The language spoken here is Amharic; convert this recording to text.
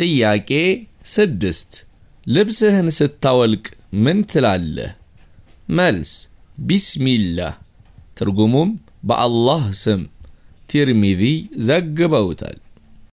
ጥያቄ ስድስት ልብስህን ስታወልቅ ምን ትላለህ? መልስ ቢስሚላህ። ትርጉሙም በአላህ ስም። ቲርሚዚ ዘግበውታል።